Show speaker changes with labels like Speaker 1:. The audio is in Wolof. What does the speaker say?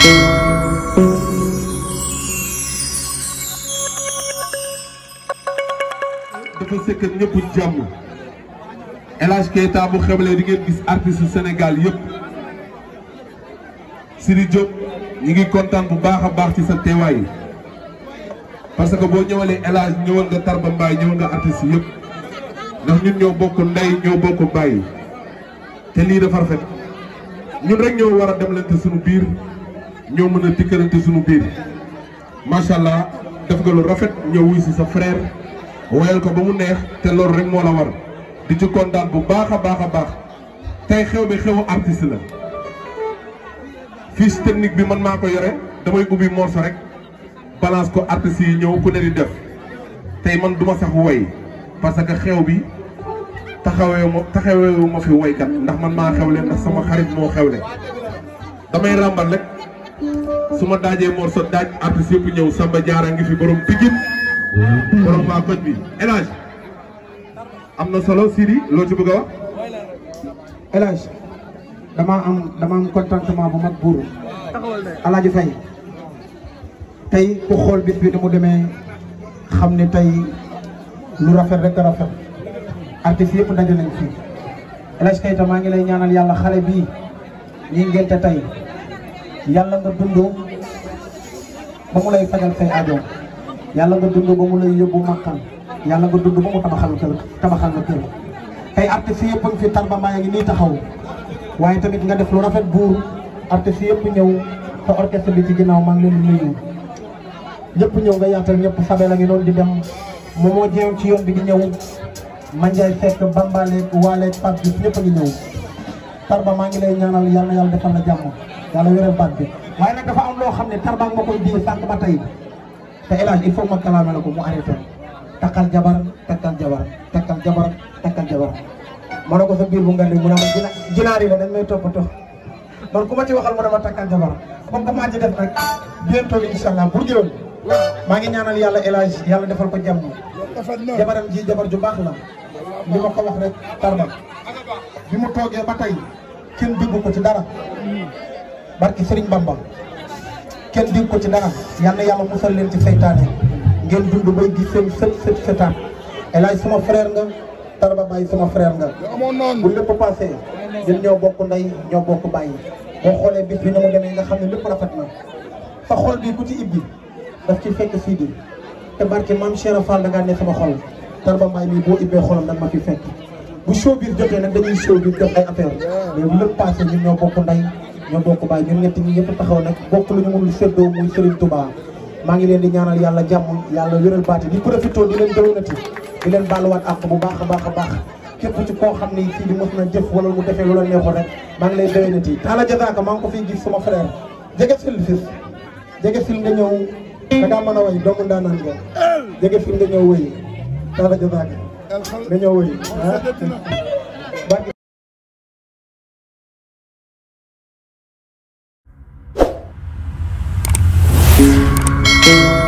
Speaker 1: dafa sëkk ñëpp jàmm El Hadj Keita bu xewlee di ngeen gis artistes yu Sénégal yëpp ñi ngi kontaan bu baax a baax ci sa teewaay parce que boo ñëwalee El Hadj ñëwal nga Tarba Mbaye ñëwal nga artistes yëpp ndax ñun ñoo bokk ndey ñoo bokk bàyyi te lii dafa rafet ñun rek ñoo war a sunu biir. ñoo mën a dikkalante suñu biir macha allah def nga lu rafet ñëw wuy si sa frère woyal ko ba mu neex te loolu rek moo la war di ci kontaan bu baax a baax a baax tey xew bi xewu artiste la fiche technique bi man maa ko yore damay ubbi morceau rek balance ko artistes yi ñëw ku ne di def tey man duma sax woy parce que xew bi taxawee ma taxawee ma fi woykat ndax man maa xewle ndax sama xarit moo xewle damay ràmbal rek. su ma daajee morso daaj artiste yëpp ñëw Samba Diarra ngi fi borom Pikine borom waa koñ bi El am na solo Siri loo ci bëgg wax El Hadj
Speaker 2: am dama am contentement bu mag buuru El Hadj Faye tey ku xool bis bi ni mu demee xam ne tey lu rafet rek rafet artiste yëpp ndaje nañ fii El Hadj Keita maa ngi lay ñaanal yàlla xale bii ñi ngente tey yàlla nga dund ba mu lay fajal say aajo yàlla nga dund ba mu lay yóbbu makkan yàlla nga dund ba mu tabaxal kër tabaxal na kër tey artistes yëpp ngi fi tarba maa ngi nii taxaw waaye tamit nga def lu rafet buur artistes yëpp ñëw sa orchestre bi ci ginnaaw maa ngi leen di nuyu ñëpp ñëw nga yaatal ñëpp sabe la ngi noonu di dem moom moo jeew ci yoon bi di ñëw Mandiaye Seck Bambaleeg Waaleeg Pape Diouf ñëpp a ngi ñëw tarba maa ngi lay ñaanal yal na yàlla defal la jàmm yàlla wéral baat bi waaye nag dafa am loo xam ne tarba ma koy di sànq ba tey te El Hadj il faut ma kalaame la ko mu arrêté takkal jabar takkal jabar takkal jabar takkal jabar ma ne ko sa biir bu nga mu ne ma jina jinaar yi la dañ may toppatoo man ku ma ci waxal mu ne ma takkal jabar comme que maa ci def nag bientôt incha allah bu jëloon maa ngi ñaanal yàlla El yàlla defal ko jàmm jabaram ji jabar ju baax la li ma ko wax rek tarba bi mu toogee ba tey kenn diggu ko ci dara barki Serigne Bamba kenn diggu ko ci dara yal na yàlla musal leen ci seytaane ngeen dund bay gis seen sët sët sëtaan El Hadj sama frère nga Tarba Baye sama frère nga bu lépp passé ñun ñëw bokk ndey ñoo bokk bàyyi boo xoolee bis bi ni mu demee nga xam ne lépp rafet na sa xol bi ku ci ibbi daf ci fekk Sidi te barki maam Cheikh Fall da ngaa ne sama xol Tarba Mbaye mii boo ibbee xolam nag ma fi fekk bu show biir jotee nag dañuy show biir def ay affaire mais bu lépp passé ñun ñoo bokk nday ñoo bokk baay ñun ñett ñi ñëpp taxaw nag bokk lu ñu mënul seddoo muy Serigne Touba maa a a baax képp ci koo xam ne kii na jëf wala mu defee lu la neexoon rek maa ngi lay jëloonati Talla Diazaka maa ngi ko fiy gis sama frère jege sil fils jege sil nga ñëw da ngaa mën a way doomu ndaanaan nga jege sil nga ñëw way Talla Diazaka
Speaker 1: dañoo wëy ah